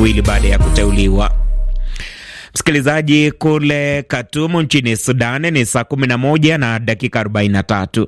miwili baada ya kuteuliwa. Msikilizaji, kule Katumu nchini Sudan ni saa 11 na dakika 43.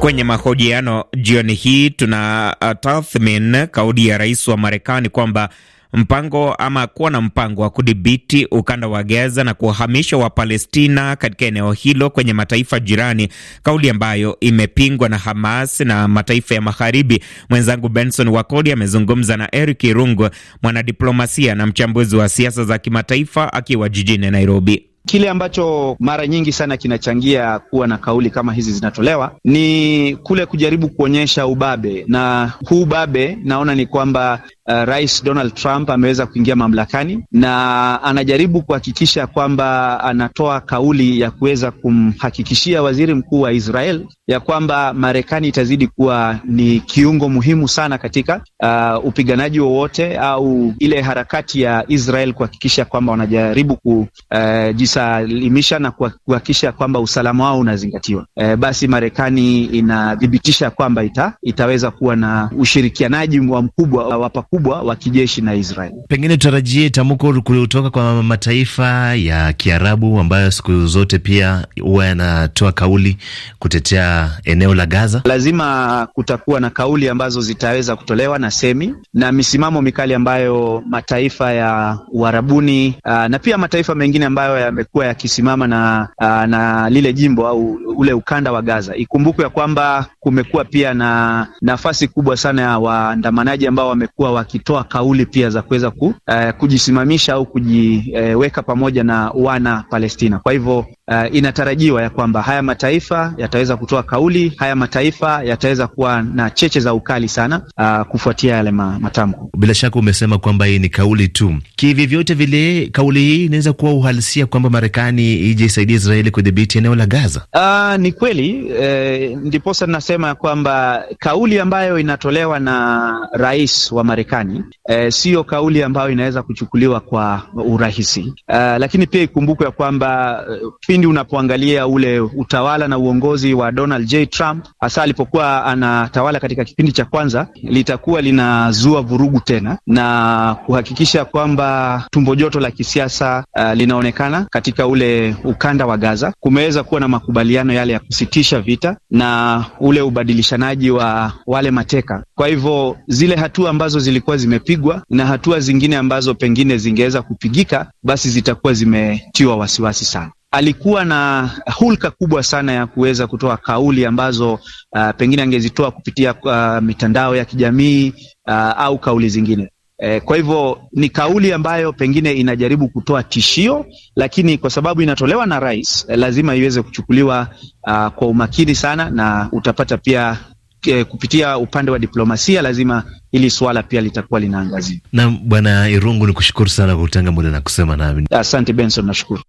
Kwenye mahojiano jioni hii tuna tathmin kauli ya rais wa Marekani kwamba mpango ama kuwa na mpango wa kudhibiti ukanda wa Gaza na kuwahamisha Wapalestina katika eneo hilo kwenye mataifa jirani, kauli ambayo imepingwa na Hamas na mataifa ya Magharibi. Mwenzangu Benson Wakoli amezungumza na Eric Irungu, mwanadiplomasia na mchambuzi wa siasa za kimataifa akiwa jijini Nairobi. Kile ambacho mara nyingi sana kinachangia kuwa na kauli kama hizi zinatolewa ni kule kujaribu kuonyesha ubabe, na huu ubabe naona ni kwamba uh, Rais Donald Trump ameweza kuingia mamlakani na anajaribu kuhakikisha kwamba anatoa kauli ya kuweza kumhakikishia waziri mkuu wa Israel ya kwamba Marekani itazidi kuwa ni kiungo muhimu sana katika uh, upiganaji wowote au ile harakati ya Israel kuhakikisha kwamba wanajaribu kujisalimisha uh, na kuhakikisha kwamba usalama wao unazingatiwa. Uh, basi Marekani inathibitisha kwamba ita, itaweza kuwa na ushirikianaji wa mkubwa wa pakubwa wa kijeshi na Israel. Pengine tutarajie tamko kutoka kwa mataifa ya Kiarabu ambayo siku zote pia huwa yanatoa kauli kutetea eneo la Gaza? Lazima kutakuwa na kauli ambazo zitaweza kutolewa na semi na misimamo mikali ambayo mataifa ya Uarabuni ah, na pia mataifa mengine ambayo yamekuwa yakisimama na, ah, na lile jimbo au ule ukanda wa Gaza. Ikumbukwe ya kwamba kumekuwa pia na nafasi kubwa sana ya waandamanaji ambao wamekuwa wakitoa kauli pia za kuweza ku, uh, kujisimamisha au kujiweka uh, pamoja na wana Palestina. Kwa hivyo uh, inatarajiwa ya kwamba haya mataifa yataweza kutoa kauli, haya mataifa yataweza kuwa na cheche za ukali sana, uh, kufuatia yale matamko. Bila shaka umesema kwamba hii ni kauli tu, kivyovyote vile kauli hii inaweza kuwa uhalisia kwamba Marekani ije isaidia Israeli kudhibiti eneo la Gaza. Uh, ni kweli eh, ndiposa ya kwamba kauli ambayo inatolewa na rais wa Marekani eh, siyo kauli ambayo inaweza kuchukuliwa kwa urahisi uh, lakini pia ikumbukwe ya kwamba uh, pindi unapoangalia ule utawala na uongozi wa Donald J Trump, hasa alipokuwa anatawala katika kipindi cha kwanza, litakuwa linazua vurugu tena na kuhakikisha kwamba tumbo joto la kisiasa uh, linaonekana katika ule ukanda wa Gaza. Kumeweza kuwa na makubaliano yale ya kusitisha vita na ule ubadilishanaji wa wale mateka. Kwa hivyo zile hatua ambazo zilikuwa zimepigwa na hatua zingine ambazo pengine zingeweza kupigika, basi zitakuwa zimetiwa wasiwasi sana alikuwa na hulka kubwa sana ya kuweza kutoa kauli ambazo uh, pengine angezitoa kupitia uh, mitandao ya kijamii uh, au kauli zingine. Eh, kwa hivyo ni kauli ambayo pengine inajaribu kutoa tishio, lakini kwa sababu inatolewa na rais, eh, lazima iweze kuchukuliwa uh, kwa umakini sana, na utapata pia eh, kupitia upande wa diplomasia lazima ili swala pia litakuwa linaangazia. Na Bwana Irungu, ni kushukuru sana kwa kutenga muda na kusema nami. Asante Benson, nashukuru.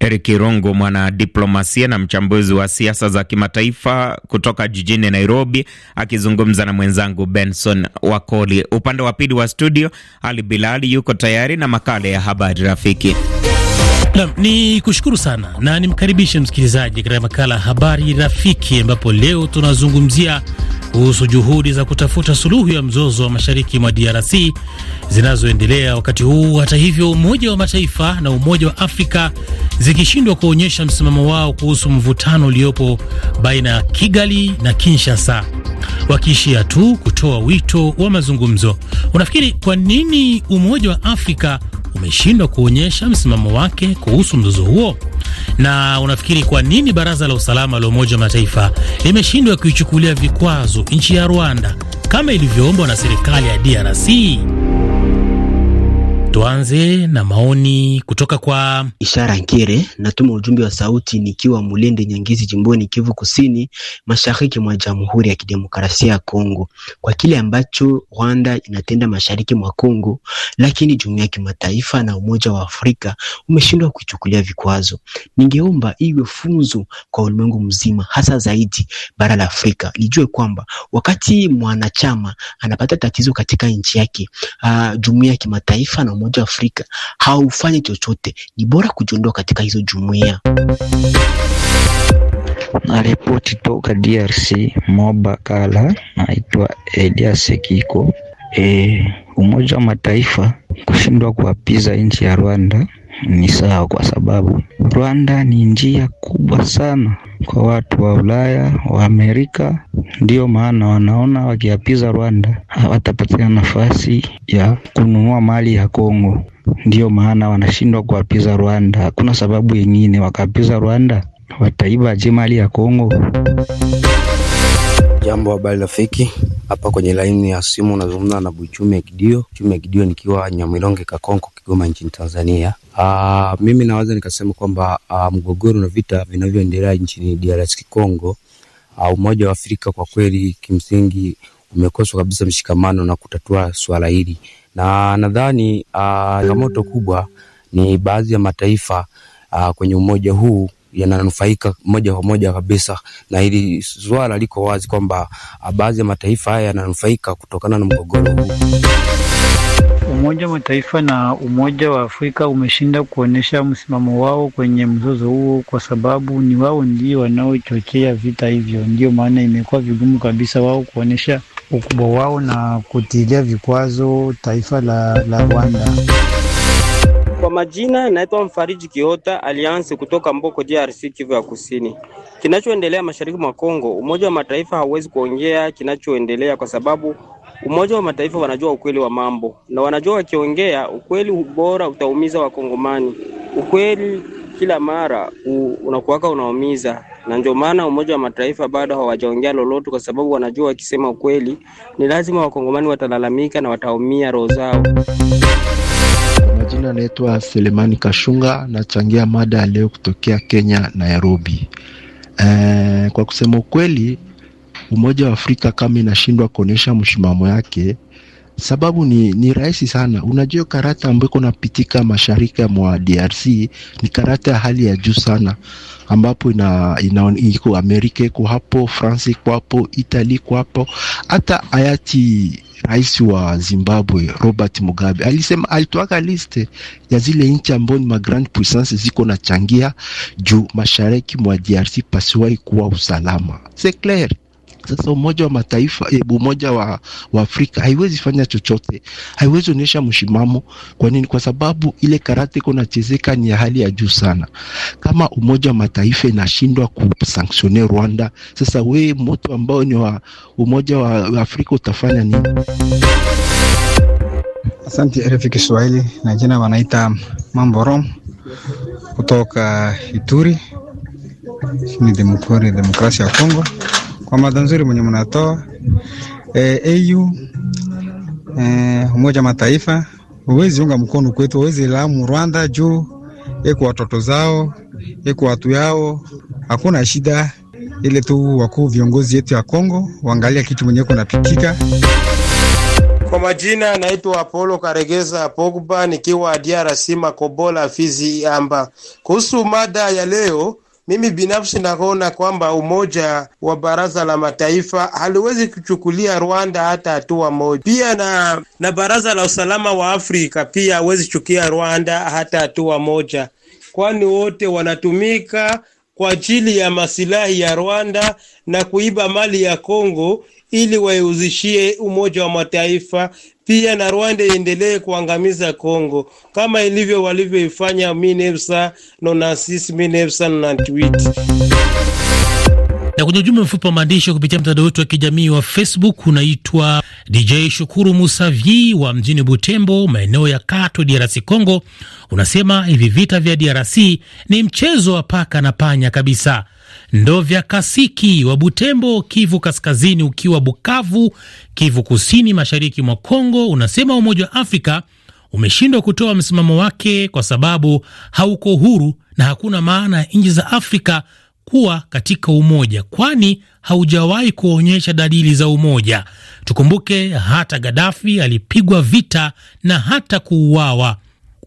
Eric Irungu, diplomasia na mchambuzi wa siasa za kimataifa kutoka jijini Nairobi, akizungumza na mwenzangu Benson Wakoli. Upande wa pili wa studio, Ali Bilali yuko tayari na makala ya habari rafiki. Nam ni kushukuru sana na nimkaribishe msikilizaji katika makala ya habari rafiki, ambapo leo tunazungumzia kuhusu juhudi za kutafuta suluhu ya mzozo wa mashariki mwa DRC zinazoendelea wakati huu, hata hivyo, Umoja wa Mataifa na Umoja wa Afrika zikishindwa kuonyesha msimamo wao kuhusu mvutano uliopo baina ya Kigali na Kinshasa, wakiishia tu kutoa wito wa mazungumzo. Unafikiri kwa nini Umoja wa Afrika umeshindwa kuonyesha msimamo wake kuhusu mzozo huo? Na unafikiri kwa nini Baraza la Usalama la Umoja wa Mataifa limeshindwa kuichukulia vikwazo nchi ya Rwanda kama ilivyoombwa na serikali ya DRC? Tuanze na maoni kutoka kwa Ishara Nkere. Natuma ujumbe wa sauti nikiwa Mulende Nyangizi, jimboni Kivu Kusini, mashariki mwa Jamhuri ya Kidemokrasia ya Kongo, kwa kile ambacho Rwanda inatenda mashariki mwa Kongo, lakini jumuiya ya kimataifa na Umoja wa Afrika umeshindwa kuchukulia vikwazo. Ningeomba iwe funzo kwa ulimwengu mzima, hasa zaidi bara la Afrika lijue kwamba wakati mwanachama anapata tatizo katika nchi yake, ah, jumuiya ya kimataifa na Umoja wa Afrika haufanyi chochote, ni bora kujiondoa katika hizo jumuiya. Na ripoti toka DRC kala naitwa edia Sekiko. E, Umoja wa Mataifa kushindwa kuwapiza nchi ya Rwanda ni sawa, kwa sababu Rwanda ni njia kubwa sana kwa watu wa Ulaya wa Amerika. Ndiyo maana wanaona wakiapiza Rwanda hawatapatia nafasi ya kununua mali ya Kongo. Ndiyo maana wanashindwa kuapiza Rwanda. Hakuna sababu yengine, wakaapiza Rwanda wataiba je mali ya Kongo? Jambo, habari rafiki. Hapa kwenye laini ya simu unazungumza na Buchume Kidio. Buchume Kidio nikiwa Nyamwironge, Kakonko, Kigoma nchini Tanzania. Aa, ah, mimi naweza nikasema kwamba ah, mgogoro na vita vinavyoendelea nchini DRC Congo, ah, Umoja wa Afrika kwa kweli kimsingi umekoswa kabisa mshikamano na kutatua swala hili, na nadhani changamoto kubwa ni baadhi ya mataifa aa, kwenye umoja huu yananufaika moja kwa moja kabisa, na hili swala liko wazi kwamba ah, baadhi ya mataifa haya yananufaika kutokana na mgogoro huu. Umoja wa Mataifa na Umoja wa Afrika umeshinda kuonyesha msimamo wao kwenye mzozo huo, kwa sababu ni wao ndio wanaochochea vita hivyo. Ndio maana imekuwa vigumu kabisa wao kuonyesha ukubwa wao na kutilia vikwazo taifa la, la Rwanda. Kwa majina naitwa Mfariji Kiota Alliance kutoka Mboko, DRC, Kivu ya Kusini. Kinachoendelea mashariki mwa Kongo, Umoja wa Mataifa hauwezi kuongea kinachoendelea kwa sababu Umoja wa Mataifa wanajua ukweli wa mambo na wanajua wakiongea ukweli bora utaumiza Wakongomani. Ukweli kila mara unakuwaka unaumiza, na ndio maana Umoja wa Mataifa bado hawajaongea lolote, kwa sababu wanajua wakisema ukweli ni lazima Wakongomani watalalamika na wataumia roho zao. Majina anaitwa Selemani Kashunga, nachangia mada ya leo kutokea Kenya, Nairobi. E, kwa kusema ukweli, Umoja wa Afrika kama inashindwa kuonyesha mshimamo yake Sababu ni, ni rahisi sana. Unajua, karata ambayo napitika mashariki mwa DRC ni karata ya hali ya juu sana, ambapo ina, ina, iko Amerika, iko hapo France, iko hapo Italy, iko hapo hata hayati rais wa Zimbabwe Robert Mugabe alisema alitoaka liste ya zile nchi ambao ni magrand puissance ziko na changia juu mashariki mwa DRC pasiwai kuwa usalama. C'est clair. Sasa Umoja wa Mataifa, eh, Umoja wa, wa Afrika haiwezi fanya chochote, haiwezi onyesha mshimamo. Kwa nini? Kwa sababu ile karate iko nachezeka ni ya hali ya juu sana. Kama Umoja wa Mataifa inashindwa kusanksione Rwanda, sasa we moto ambao ni wa Umoja wa Afrika utafanya nini? Asante RFI Kiswahili, na jina wanaita rom kutoka Ituri, ni Demokrasia ya Kongo kwa mada nzuri mwenye mnatoa e, au e, Umoja Mataifa huwezi unga mkono kwetu, huwezi lamu Rwanda juu eko watoto zao eko watu yao, hakuna shida ile tu wakuu viongozi yetu ya Kongo waangalia kitu mwenyewe kunapitika. Kwa majina naitwa Apollo Karegeza Pogba nikiwa DRC Makobola Fizi Amba. Kuhusu mada ya leo mimi binafsi naona kwamba Umoja wa Baraza la Mataifa haliwezi kuchukulia Rwanda hata hatua moja, pia na, na Baraza la Usalama wa Afrika pia hawezi chukia Rwanda hata hatua moja, kwani wote wanatumika kwa ajili ya masilahi ya Rwanda na kuiba mali ya Kongo ili waihuzishie Umoja wa Mataifa pia na Rwanda iendelee kuangamiza Kongo kama ilivyo walivyoifanya minefsa nonasisi minefsa nonantwiti na kwenye ujumbe mfupi wa maandishi kupitia mtandao wetu wa kijamii wa Facebook unaitwa DJ Shukuru Musavi wa mjini Butembo, maeneo ya Kato, DRC Congo, unasema hivi vita vya DRC ni mchezo wa paka na panya kabisa. Ndovya Kasiki wa Butembo, Kivu Kaskazini, ukiwa Bukavu, Kivu Kusini, mashariki mwa Kongo, unasema Umoja wa Afrika umeshindwa kutoa msimamo wake kwa sababu hauko huru na hakuna maana ya nchi za Afrika kuwa katika umoja, kwani haujawahi kuonyesha dalili za umoja. Tukumbuke hata Gaddafi alipigwa vita na hata kuuawa.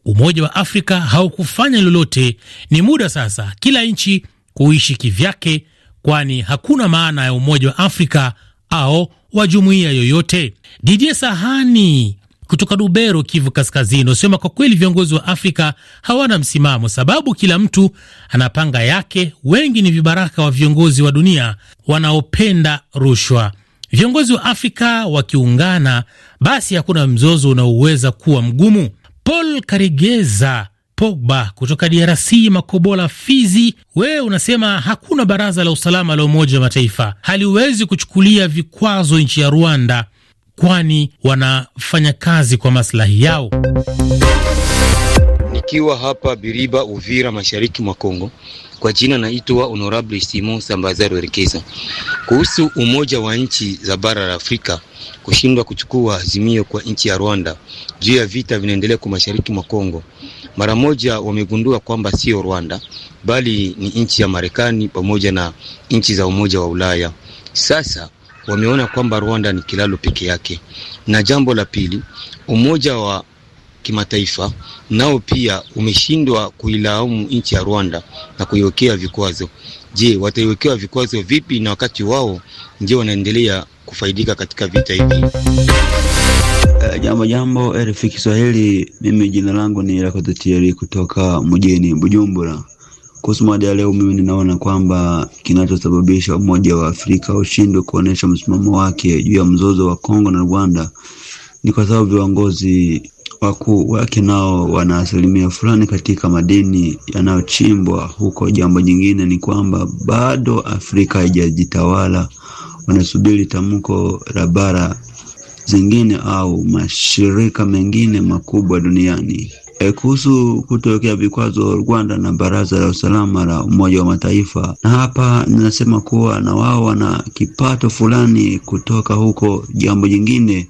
Umoja wa Afrika haukufanya lolote. Ni muda sasa kila nchi kuishi kivyake, kwani hakuna maana ya Umoja wa Afrika au wa jumuiya yoyote. Didier Sahani kutoka Dubero, Kivu Kaskazini, usema kwa kweli viongozi wa Afrika hawana msimamo, sababu kila mtu anapanga yake. Wengi ni vibaraka wa viongozi wa dunia wanaopenda rushwa. Viongozi wa Afrika wakiungana, basi hakuna mzozo unaoweza kuwa mgumu. Paul Karigeza Pogba kutoka DRC, Makobola Fizi, wewe unasema hakuna baraza la usalama la Umoja wa Mataifa haliwezi kuchukulia vikwazo nchi ya Rwanda, kwani wanafanya kazi kwa maslahi yao. Nikiwa hapa Biriba, Uvira, mashariki mwa Kongo. Kwa jina naitwa Honorable Simon Sambazaro Erekeza. Kuhusu umoja wa nchi za bara la Afrika kushindwa kuchukua azimio kwa nchi ya Rwanda juu ya vita vinaendelea kwa mashariki mwa Kongo, mara moja wamegundua kwamba sio Rwanda bali ni nchi ya Marekani pamoja na nchi za Umoja wa Ulaya. Sasa wameona kwamba Rwanda ni kilalo peke yake. Na jambo la pili, Umoja wa Kimataifa nao pia umeshindwa kuilaumu nchi ya Rwanda na kuiwekea vikwazo. Je, wataiwekewa vikwazo vipi na wakati wao ndio wanaendelea kufaidika katika vita hivi? Uh, jambo jambo RFI Kiswahili, mimi jina langu ni Rakototieri kutoka mjini Bujumbura. Kuhusu mada ya leo, mimi ninaona kwamba kinachosababisha Umoja wa Afrika ushindwe kuonesha msimamo wake juu ya mzozo wa Kongo na Rwanda ni kwa sababu viongozi wakuu wake nao wana asilimia fulani katika madini yanayochimbwa huko. Jambo jingine ni kwamba bado Afrika haijajitawala, wanasubiri tamko la bara zingine au mashirika mengine makubwa duniani. E, kuhusu kutokea vikwazo Rwanda na Baraza la Usalama la Umoja wa Mataifa, na hapa ninasema kuwa na wao wana kipato fulani kutoka huko. Jambo jingine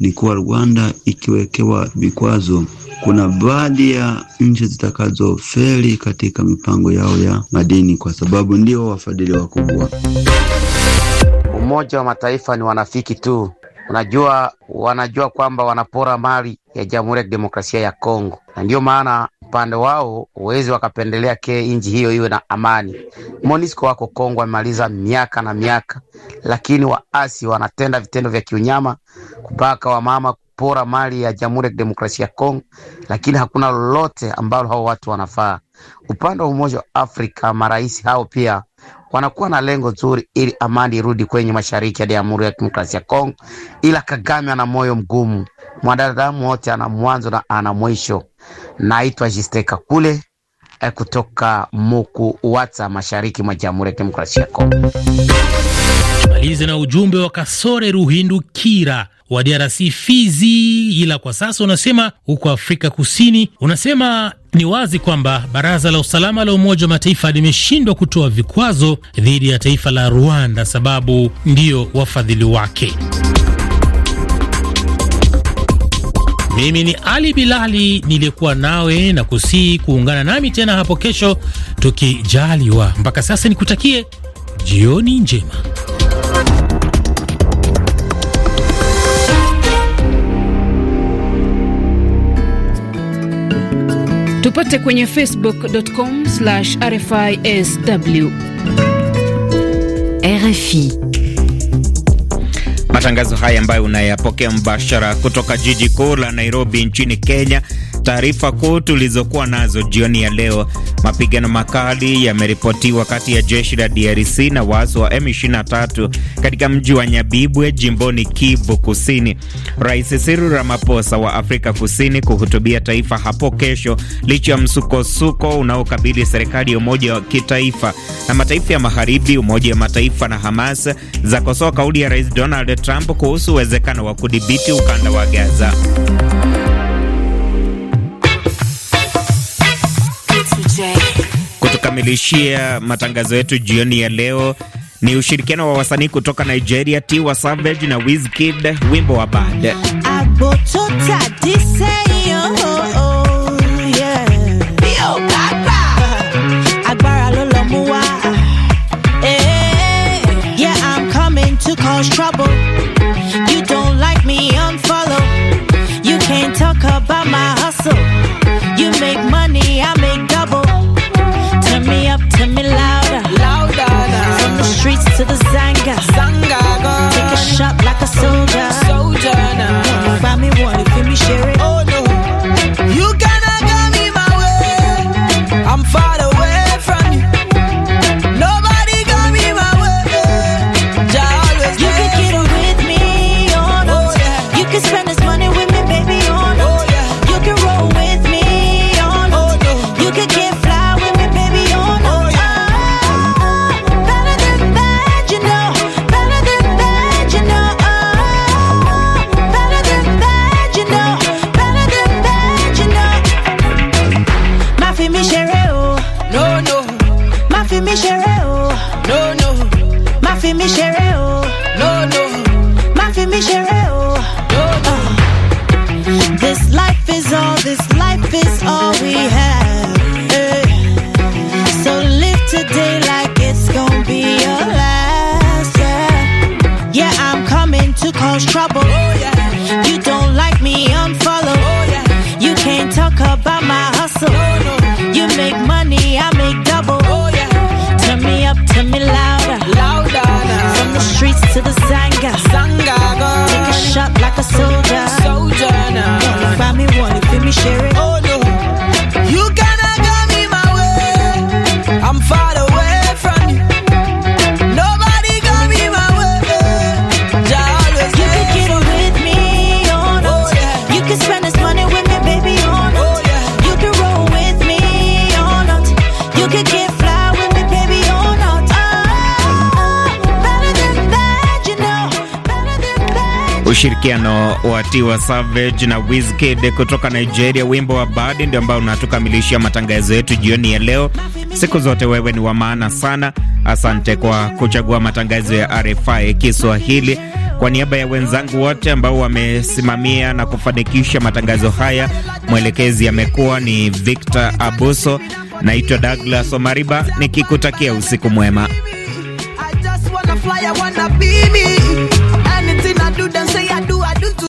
ni kuwa Rwanda ikiwekewa vikwazo, kuna baadhi ya nchi zitakazofeli katika mipango yao ya madini kwa sababu ndio wafadhili wakubwa. Umoja wa Mataifa ni wanafiki tu Unajua, wanajua kwamba wanapora mali ya Jamhuri ya Kidemokrasia ya Kongo, na ndiyo maana upande wao uwezi wakapendelea ke nchi hiyo iwe na amani. MONUSCO wako Kongo, wamemaliza miaka na miaka, lakini waasi wanatenda vitendo vya kiunyama, kupaka wamama, kupora mali ya Jamhuri ya Kidemokrasia ya Kongo, lakini hakuna lolote ambalo hao watu wanafaa. Upande wa Umoja wa Afrika, marais hao pia wanakuwa na lengo zuri ili amani irudi kwenye mashariki ya Jamhuri ya Kidemokrasia ya Kongo, ila Kagame ana moyo mgumu. Mwanadamu wote ana mwanzo na ana mwisho. Naitwa Jisteka kule eh, kutoka Muku Wata, mashariki mwa Jamhuri ya Kidemokrasia ya Kongo. Tumalize na ujumbe wa Kasore Ruhindukira wa DRC Fizi, ila kwa sasa unasema huko Afrika Kusini, unasema ni wazi kwamba Baraza la Usalama la Umoja wa Mataifa limeshindwa kutoa vikwazo dhidi ya taifa la Rwanda sababu ndiyo wafadhili wake. Mimi ni Ali Bilali niliyekuwa nawe na kusii kuungana nami tena hapo kesho tukijaliwa. Mpaka sasa nikutakie jioni njema. Tupate kwenye facebook.com RFISW. RFI matangazo haya ambayo unayapokea mbashara kutoka jiji kuu la Nairobi nchini Kenya Taarifa kuu tulizokuwa nazo jioni ya leo: mapigano makali yameripotiwa kati ya jeshi la DRC na waasi wa M23 katika mji wa Nyabibwe jimboni Kivu Kusini. Rais Cyril Ramaphosa wa Afrika Kusini kuhutubia taifa hapo kesho licha ya msukosuko unaokabili serikali ya umoja wa kitaifa. Na mataifa ya magharibi, Umoja wa Mataifa na Hamas zakosoa kauli ya Rais Donald Trump kuhusu uwezekano wa kudhibiti ukanda wa Gaza. Kutukamilishia matangazo yetu jioni ya leo ni ushirikiano wa wasanii kutoka Nigeria, Tiwa Savage na Wizkid, wimbo wa Bad. for me share Ushirikiano wa Tiwa Savage na Wizkid kutoka Nigeria, wimbo wa Badi ndio ambao unatukamilishia matangazo yetu jioni ya leo. Siku zote wewe ni wa maana sana. Asante kwa kuchagua matangazo ya RFI Kiswahili. Kwa niaba ya wenzangu wote ambao wamesimamia na kufanikisha matangazo haya, mwelekezi amekuwa ni Victor Abuso. Naitwa Douglas Omariba nikikutakia usiku mwema. do them say I